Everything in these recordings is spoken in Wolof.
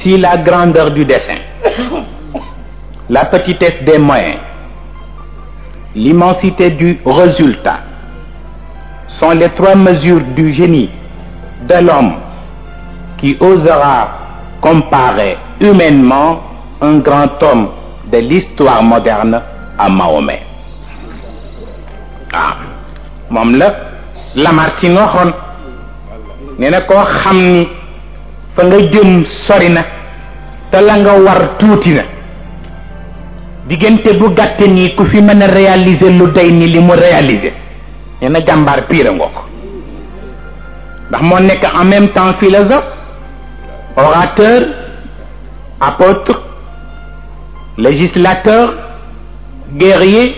Si la grandeur du dessin, la petitesse des moyens, l'immensité du résultat sont les trois mesures du génie de l'homme qui osera comparer humainement un grand homme de l'histoire moderne à Mahomet ah, la fa ngay jëm sori na te la nga war tuuti na diggante bu gàtt nii ku fi mën a réaliser lu day ni li mu réaliser nee na jàmbaar piira ngoo ko ndax moo nekk en même temps philosophe orateur apôtre législateur guerrier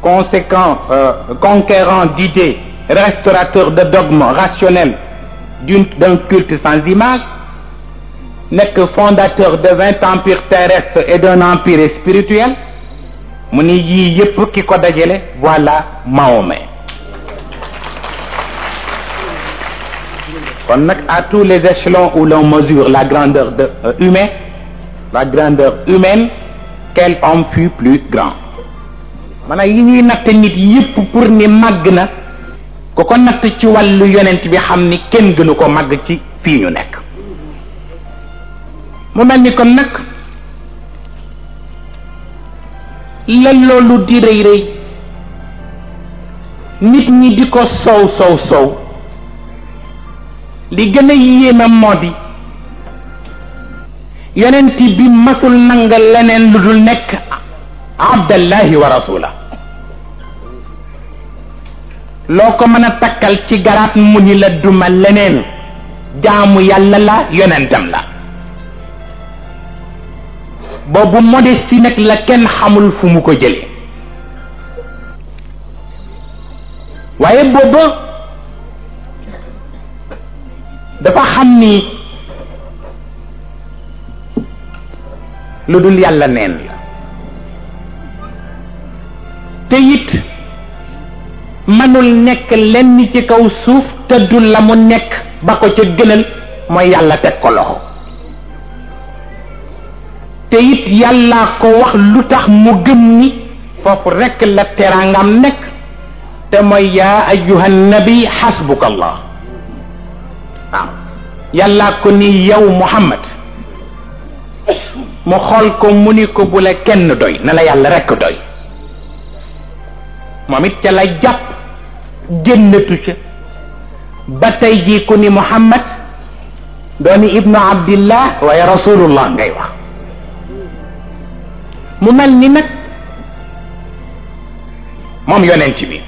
conséquent euh, conquérant d'idées restaurateur de dogmes rationnels, d'un culte sans image, n'est que fondateur de 20 empires terrestres et d'un empire spirituel voilà Mahomet à tous les échelons où l'on mesure la grandeur de euh, la grandeur humaine quel homme fut plus grand pour ni magna. ku ko nag ci wàllu yonent bi xam ni kenn gënu ko màgg ci fii ñu nekk mu mel ni kon nag la loolu di rëy rëy nit ñi di ko sow sow sow li gën a yéeme moo di yonent bi masul nanga leneen lu dul nekk abdallahi wa rasula loo ko mën a takkal ci garab mu ni la duma leneen jaamu yàlla la yonentam la boobu modestie nag la kenn xamul fu mu ko jële waaye booba dafa xam ni lu dul yàlla neen la te it manul nek lenn ci kaw suuf te du la mu nek ba ko ca gënal mooy yàlla teg ko loxo te it yàlla ko wax lu tax mu gëm ni foofu rek la teraangam nekk te mooy yaa ayuha nabi xasbuka allah waaw yàllaa ko ni yow muhammad mu xool ko mu ni ko bu la kenn doy na la yàlla rek doy moom it ca la jàpp génnatu ca ba tey jii ku ni muhammad doomi ibnu abdillah waaye rasulullah ngay wax mu mel ni nag moom yonent bi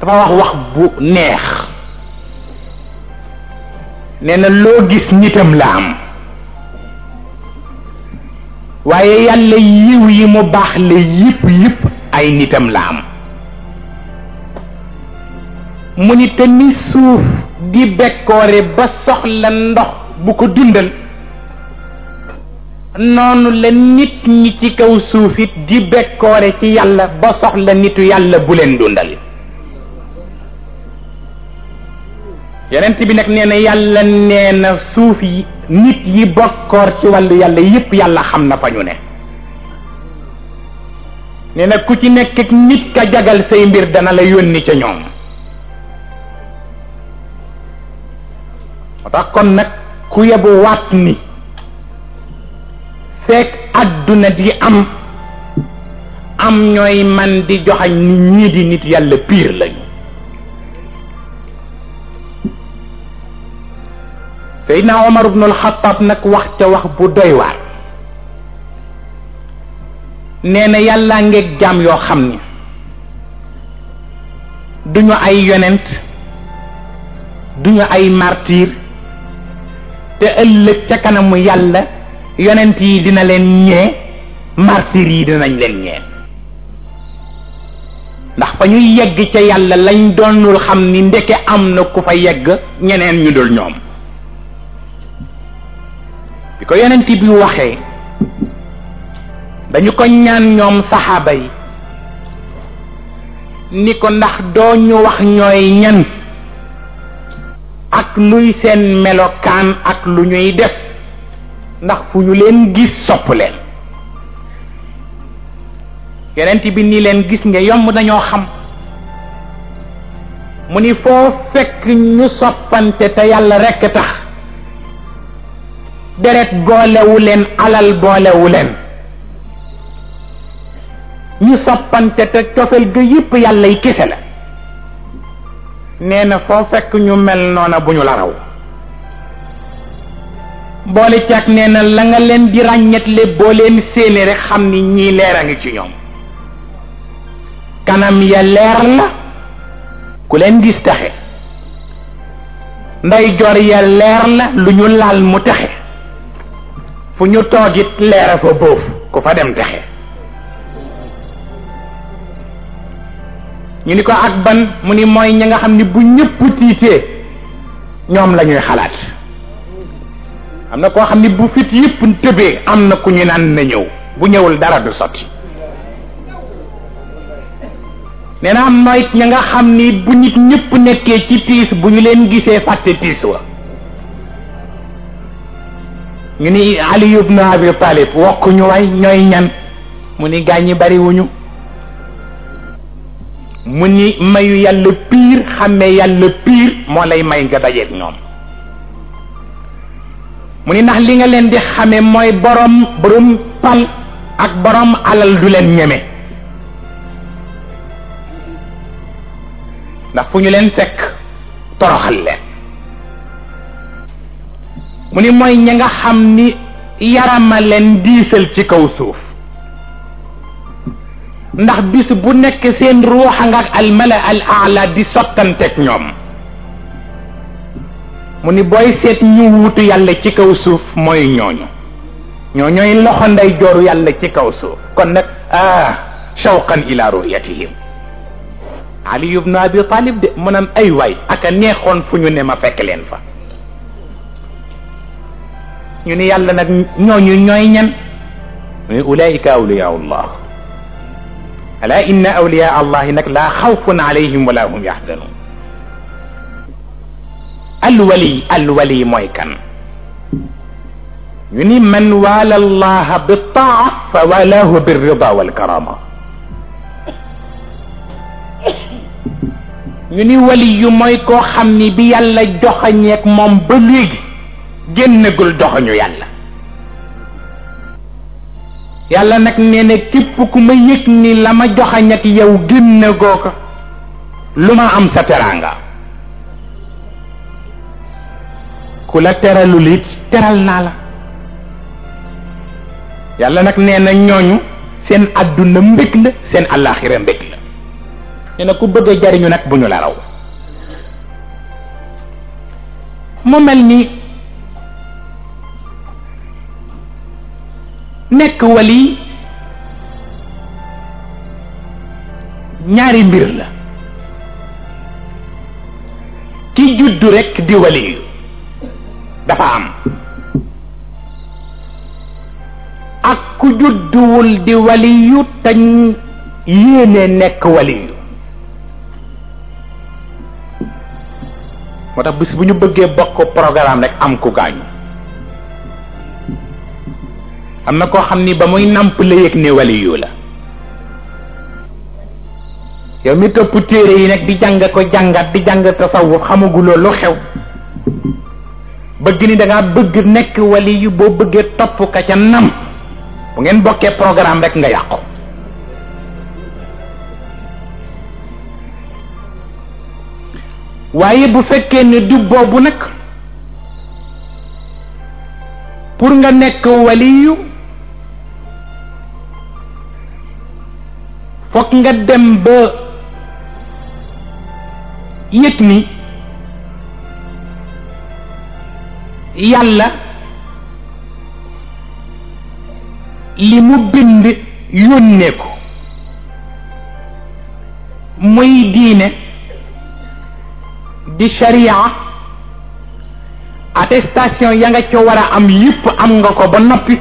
dafa wax wax bu neex nee na loo gis nitam la am waaye yàlla yiw yi mu baax la yëpp yëpp ay nitam la am mu ni te suuf di bekkoore ba soxla ndox bu ko dundal noonu la nit ñi ci kaw suufit di bekkoore ci yàlla ba soxla nitu yàlla bu leen dundal yonent bi nag nee na yàlla nee na suuf yi nit yi bokkoor ci wàllu yàlla yépp yàlla xam na fa ñu ne nee na ku ci nekk nit ka jagal say mbir dana la yónni ca ñoom tax kon nag ku yebu waat ni fekk àdduna bi am am ñooy man di joxañ ni ñii di nit yàlla piir lañu Seydina Omar ibnul Xattaab nag wax ca wax bu doy waar nee na yàllaa ngeeg jaam yoo xam ni duñu ay yonent duñu ay martir te ëllëg ca kanamu yàlla yonent yi dina leen ñee martir yi dinañ leen ñee ndax fa ñuy yegg ca yàlla lañ doonul xam ni ndeke am na ku fa yegg ñeneen ñu dul ñoom bi ko yonent bi waxee dañu ko ñaan ñoom saxaaba yi ni ko ndax doo ñu wax ñooy ñan ak luy seen melokaan ak lu ñuy def ndax fu ñu leen gis sopp leen yonent bi nii leen gis nga yomb dañoo xam mu ni foo fekk ñu soppante te yàlla rekk tax deret boolewu leen alal boolewu leen ñu soppante te cofeel ga yëpp yàllay kese la nee na foo fekk ñu mel noona bu ñu la raw boole caag nee na la nga leen di ràññetle boo leen séenee rek xam ni ñii leer a ngi ci ñoom kanam ya leer la ku leen gis taxe nday jor ya leer la lu ñu laal mu taxe fu ñu toog it leer a fa bóof ku fa dem taxe ñu ni ko ak ban mu ni mooy ña nga xam ni bu ñëpp tiitee ñoom lañuy xalaat am na koo xam ni bu fit yëpp tëbee am na ku ñu naan ñëw bu ñëwul dara du sotti nee na am na ña nga xam ni bu nit ñëpp nekkee ci tiis bu ñu leen gisee fàtte tiis wa ñu ni Ali ibn Abi Talib wokk ñu way ñooy ñan mu ni gaañ ñi bariwuñu mu ni mayu yàlla piir xàmmee yàlla piir moo lay may nga dajeeg ñoom mu ni ndax li nga leen di xame mooy borom borom pal ak borom alal du leen ñeme ndax fu ñu leen fekk toroxal leen mu ni mooy ña nga xam ni yarama leen diisal ci kaw suuf ndax bis bu nekk seen ruux nga ak almala al aala di sottanteeg ñoom mu ni booy seet ñu wuutu yàlla ci kaw suuf mooy ñooñu ñoo ñooy loxo nday jooru yàlla ci kaw suuf kon nag ah shawqan ila ru'yatihim ali ibnu abi talib de mu naan ay waay aka neexoon fu ñu ne ma fekk leen fa ñu ni yàlla nag ñooñu ñooy ñan muy ulaika awliyaullah الا ان اولياء الله انك لا خوف عليهم ولا هم يحزنون الولي الولي مويكن يعني من والى الله بالطاعه فولاه بالرضا والكرامه يعني ولي مويكو خمي بيالا جوخنيك مومبليج جنقل جوخنيو يالا yàlla nag nee na képp ku ma yëg ni la ma joxañ ak yow génn goo lu ma am sa teraanga ku la teralul it teral naa la yàlla nag nee na ñooñu seen àdduna mbég la seen àllaaxira mbég la nee na ku bëgg jariñu nag bu ñu la raw mu mel ni Nek wali ñaari mbir la ki juddu rek di wali dafa am ak ku judduwul di wali tañ yene nek waliyu moo bis buñu bëgge bokk programme rek am ku gañu am na koo xam ni ba muy nàmp la yëg ne waliyu la yow mi topp téere yi nag di jàng ko jàngat di jàng tasawuf xamaguloo lu xew bëgg ni da bëgg nekk waliyu boo bëggee topp ka ca nam bu ngeen bokkee programme rek nga yàqu waaye bu fekkee ne du boobu nag pour nga nekk waliyu fokk nga dem ba yëg ni yàlla li mu bind yónnee ko muy diine di sharia attestation ya nga ca war a am yëpp am nga ko ba noppi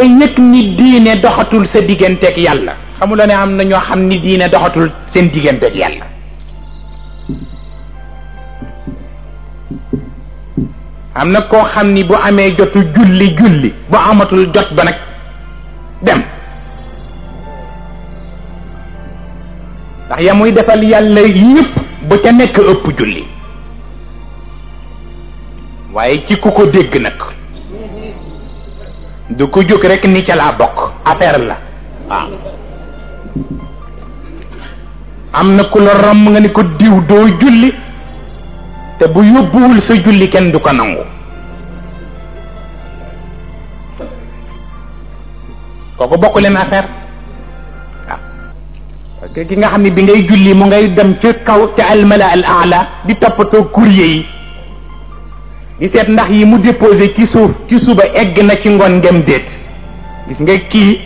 ba yëg ni diine doxatul sa digganteeg yàlla xamula ne am na ñoo xam ni diine doxatul seen digganteeg yàlla am na koo xam ni bu amee jotu julli julli bu amatul jot ba nag dem ndax ya muy defal yàlla yëpp bu ca nekk ëpp julli waaye ci ku ko dégg nag du ko jóg rek ni ca laa bokk affaire la waaw ah. am na ku la romb nga ni ko diw doo julli te bu yóbbuwul sa julli kenn du ko nangu kooku bokk leen affaire waaw ah. parce que ki nga xam ne bi ngay julli mu ngay dem ca kaw ca almala al aala di toppatoo courrier yi di seet ndax yi mu déposé ci suuf ci suba egg na ci ngoon ngem déet gis nga kii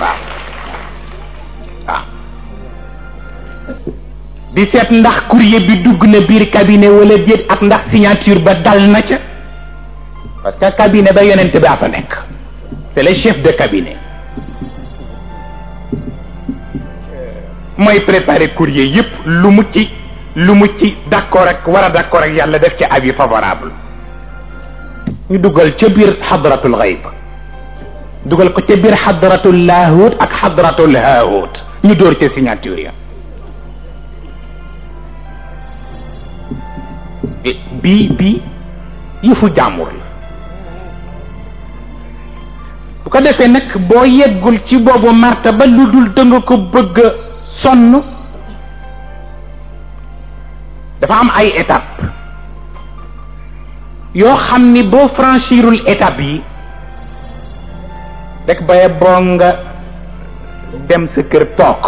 waaw waaw di seet ndax courrier bi dugg na biir cabinet wala déet ak ndax signature ba dal na ca parce que cabinet ba yonent ba fa nekk c'est le chef de cabinet may préparer courrier yépp lu mu ci lu mu ci d'accord ak wara d'accord ak yàlla def ci avis favorable ñu duggal ci bir hadratul ghaib duggal ko ci bir hadratul lahut ak hadratul haahut ñu dóor ci signature ya bi bi yëfu jàmbur la bu ko defee nag boo yeggul ci boobu martaba lu dul danga ko bëgg sonn dafa am ay étape yoo xam ni boo franchirul étape yi rek baye boo nga dem sa kër toog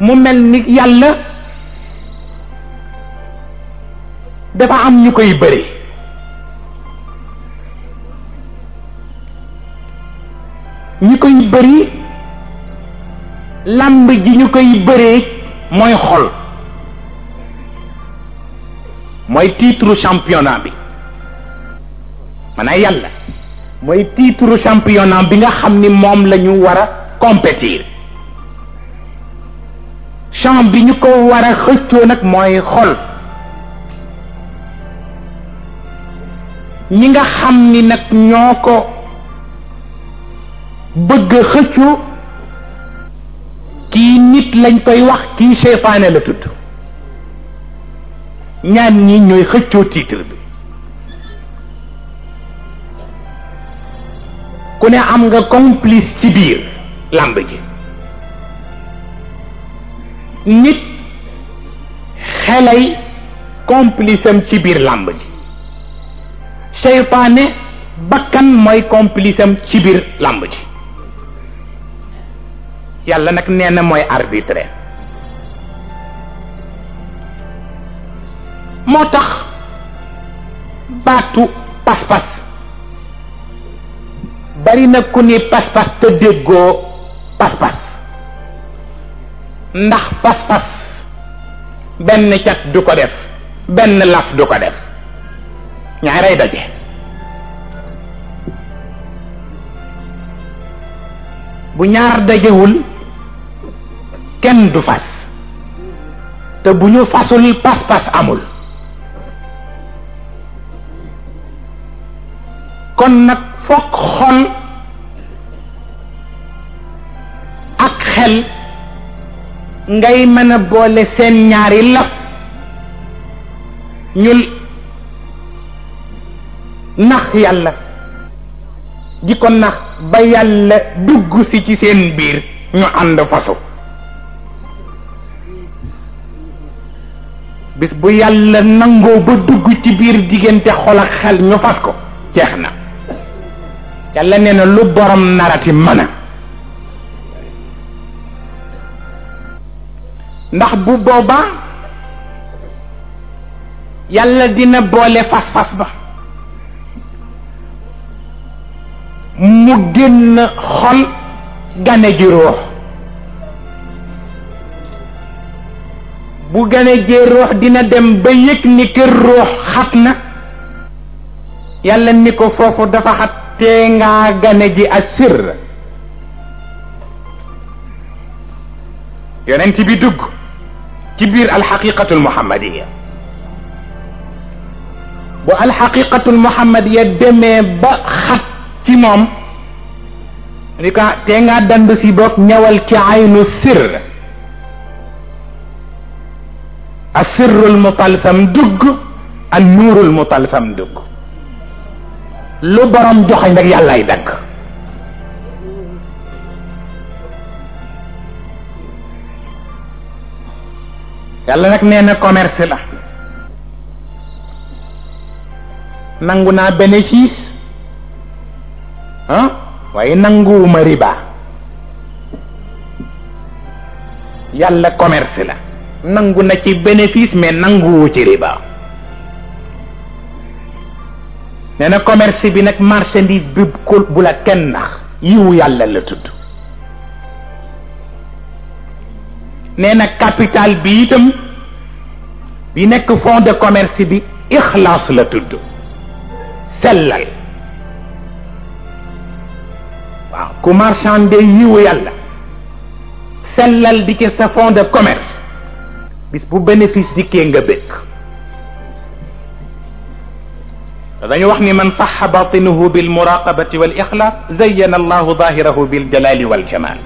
mu mel ni yàlla dafa am ñu koy bëri ci bëri làmb ji ñu koy bëree mooy xol mooy titre championnat bi a yàlla mooy titre championnat bi nga xam ni moom lañu ñu war a compétir champ bi ñu ko war a xëccoo nag mooy xol ñi nga xam ni nag ñoo ko bëgg a kii nit lañ koy wax kii seytaane la tudd ñaan ñi ñooy xëccoo titre bi ku ne am nga complice ci biir làmb ji nit xelay complice ci biir làmb ji seytaane bakkan mooy complice ci biir làmb ji yàlla nag nee na mooy arbitre moo tax baatu pas-pas bari na ku ni pas-pas te déggoo pas-pas ndax pas-pas benn cat du ko def benn laf du ko def ñaaray daje bu ñaar dajewul Ken du fas te buñu fasul pas-pas amul kon nak fokk xol ak xel ngay mëna boole seen ñaari la ñul nax yàlla di ko nax ba yàlla dugg si ci seen biir ñu ànd fasu bis bu yàlla nangoo ba dugg ci biir diggante xol ak xel ñu fas ko jeex na yàlla nee na lu borom narati mën a ndax bu boobaa yàlla dina boole fas-fas ba mu génn xol gane ji bu gane je roh dina dem ba yek ni ke roh khatna yàlla ni ko fofu dafa xat tee ngaa gane ji asir yonent bi dug ci bir al biir alxaqiqatul muhammadiya bu al muhammadiyya deme ba khat ci mom ni ko tee ngaa dand si bok ñëwal ci aynu sir asirrul mutalsam dugg an nuurul mutalsam dugg lu borom joxañ yàlla yàllaay dagg yàlla nag nee na commerce la nangu naa bénéfice ah waaye nanguwuma riba yàlla commerce la nangu na ci bénéfice mais nangu wu ci riba nee na commerce bi nag marchandise bi ko bu la kenn nax yiwu yàlla la tudd nee na capital bi itam bi nekk fond de commerce bi ixlaas la tudd sellal waaw ku marchandé yiwu yàlla sellal di ci sa fond de commerce bis bu bénéfice dikkee nga békk te dañu wax ni man saxa batinuhu bil muraqabati wal ixlaas zayyana bi zahirahu bil jalali wal jamal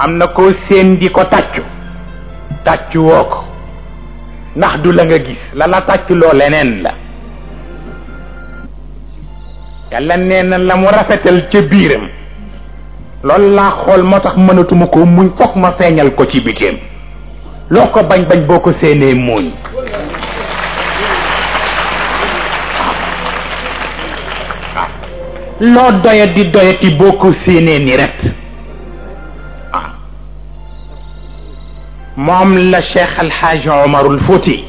am na koo seen di ko tàccu tàccu woo ko ndax du la nga gis la la tàccu loo leneen la yàlla nee na la mu rafetal ca biiram loolu la xool moo tax mënatuma ko muñ foog ma feeñal ko ci bitéem loo ko bañ bañ boo ko séenee muuñ loo doyati doyati boo ko séenee ni ret moom la Cheikh Alxaaji Omarul Fuuti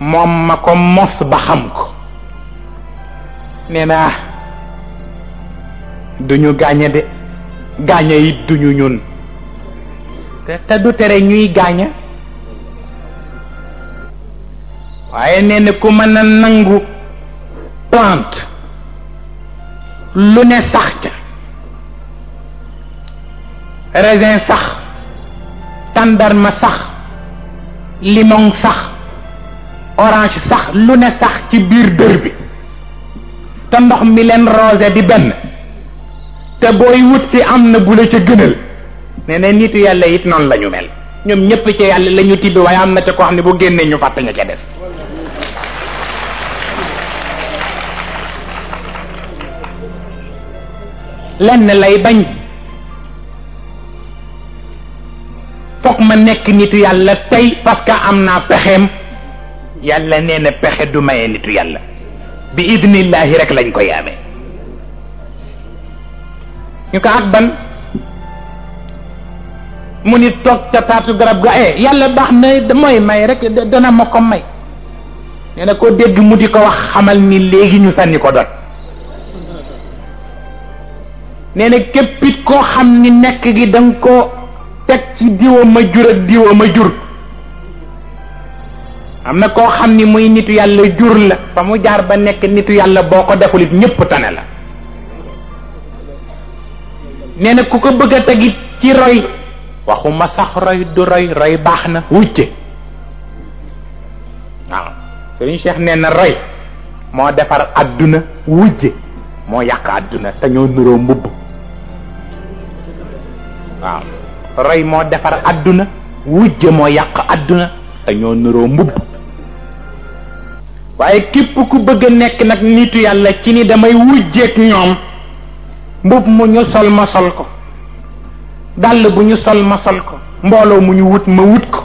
moom ma ko mos ba xam ko nee naa duñu gaañe de gaañe it duñu ñun te du tere ñuy gaaña waaye nee na ku mën a nangu plante lu ne sax ca raisin sax tàndarma sax limon sax orange sax lu ne sax ci biir dër bi te ndox mi leen rosé di benn te booy wut si am na bu la ca gënal nee na nitu yàlla it noonu la ñu mel ñoom ñëpp ci yàlla la ñu tibb waaye am na ca ko xam ne bu génnee ñu fàtte ñu ca des lenn lay bañ foog ma nekk nitu yàlla tey parce que am naa pexeem yàlla nee na pexe du maye nitu yàlla bi idnillahi rek lañ koy amee ñu ko ak ban mu nit toog ca taatu garab ga eh yàlla baax na mooy may rek dana ma ko may nee koo dégg mu di ko wax xamal ni léegi ñu sànni ko doon nee na képpit koo xam ni nekk gi da nga koo teg ci diwa ma jur ak diwa ma jur am na koo xam ni muy nitu yàlla jur la fa mu jaar ba nekk nitu yàlla boo ko defulit ñëpp tane la nee na ku ko bëgg a tegit ci roy waxuma sax roy du roy roy baax na wucce waaw sëriñ Cheikh nee na roy moo defar àdduna wujje moo yàq àdduna te ñoo nuroo mbubb waaw roy moo defar àdduna wujje moo yàq àdduna te ñoo nuroo mbubb waaye képp ku bëgg a nekk nag nitu yàlla ci ni damay wujjeek ñoom mbubb mu ñu sol ma sol ko dàll bu ñu sol ma sol ko mbooloo mu ñu wut ma wut ko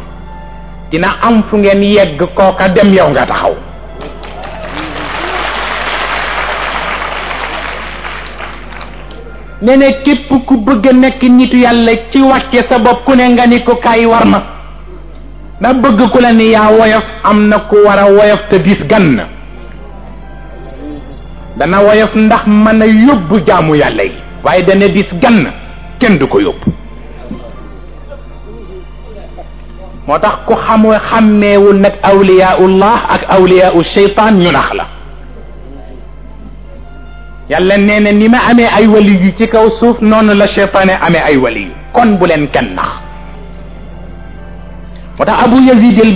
dina am fu ngeen yegg kooka dem yow nga taxaw ne ne képp ku bëgg a nekk nitu yàlla ci wàcce sa bopp ku ne nga ni ko kaay war ma na bëgg ku la ni yaa woyof am na ku war a woyof te diis gan na dana woyof ndax mën a yóbbu jaamu yàlla yi waaye dana diis gan na kenn du ko yóbbu moo tax ku xamoo xàmmeewul nag awliyaullah ak awliyaul sheytaan ñu nax la yàlla nee na ni ma amee ay wali ci kaw suuf noonu la sheytaane amee ay wali kon bu leen kenn nax moo tax abu yazid al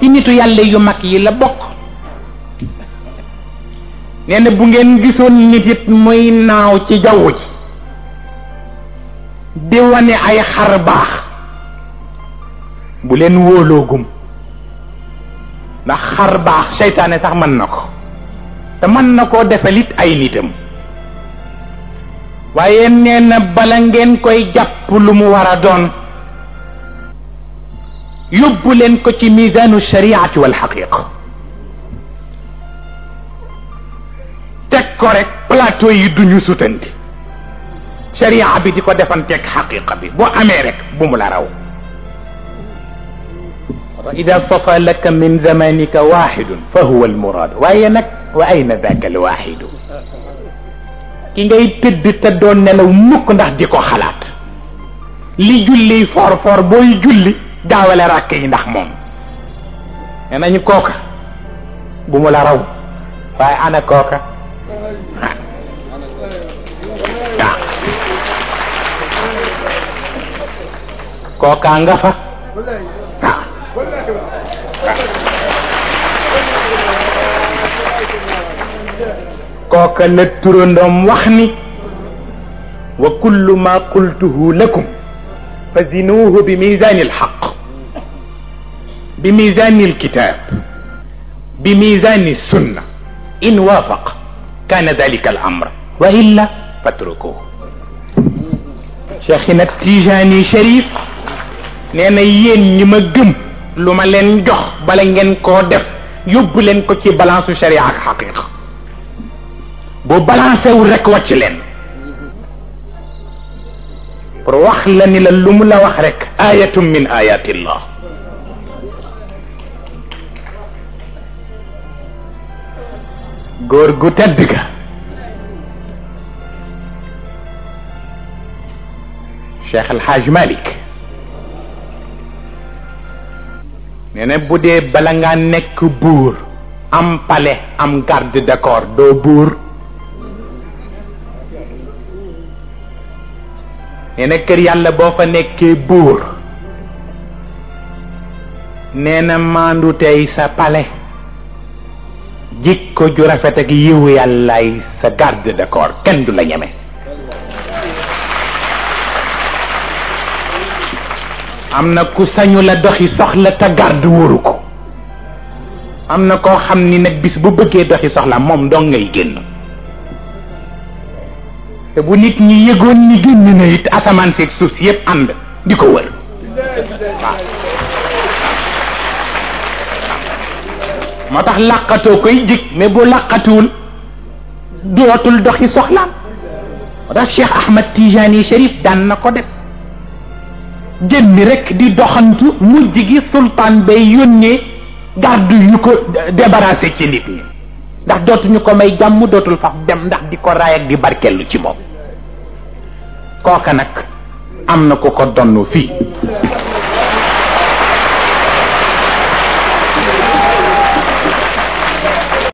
ci nitu yàlla yu mag yi la bokk nee bu ngeen gisoon nit it muy naaw ci jaww ji di wane ay xar baax بولين وولوغوم نا خار باخ شيطان تاخ من نكو تا من نكو ديفاليت اي نيتام وايي نينا بالا نين كوي جاب لومو ورا دون يوبولين كو تي ميزان الشريعه والحقيقه تكو ريك بلاطو يي دونيو سوتانتي شريعه بي ديكو ديفان حقيقه بي بو امي ريك بوم راو إذا صفى لك من زمانك واحد فهو المراد وأينك وأين ذاك الواحد كي تد تدون نلو مك ديكو خلات لي جولي فور فور بوي جولي داولا راكي نح أنا ني كوكا بومولا راو فاي أنا كوكا كوكا أنغفا كوكا لتروندم وحني وكل ما قلته لكم فزنوه بميزان الحق بميزان الكتاب بميزان السنة إن وافق كان ذلك الأمر وإلا فاتركوه شيخنا التيجاني شريف لأن يين يمجم luma len jox bala ngeen ko def yob len ko ci balance sharia ak haqiq bo balancer wu rek wàcc len pour wax la ni la lum la wax rek ayatun min ayati allah gor gu tedd ga cheikh alhaaj malik Nenek budé bala nga nek bour am pale am garde d' accord doo buur kër yàlla fa nekké bour nene mandou tay sa pale jikko ju rafet ak yiw yàllaay sa garde me. du la am na ku sañu la doxi soxla te garde wóoru ko am na koo xam ni nag bis bu bëggee doxi soxla moom dong ngay génn te bu nit ñi yëgoon ni génn na it asamaan seeg suuf si yëpp ànd di ko wër moo tax làqatoo koy jig mais boo làqatuwul dootul doxi soxla moo tax Cheikh Ahmad Tijani Chérif daan na ko def génn rek di doxantu mujj gi sultaan bay yónnee garde yu ko débarrassé ci nit ñi ndax dootuñu ko may jàmm dootul faf dem ndax di ko raay ak di barkellu ci moom kooka nag am na ku ko donn fii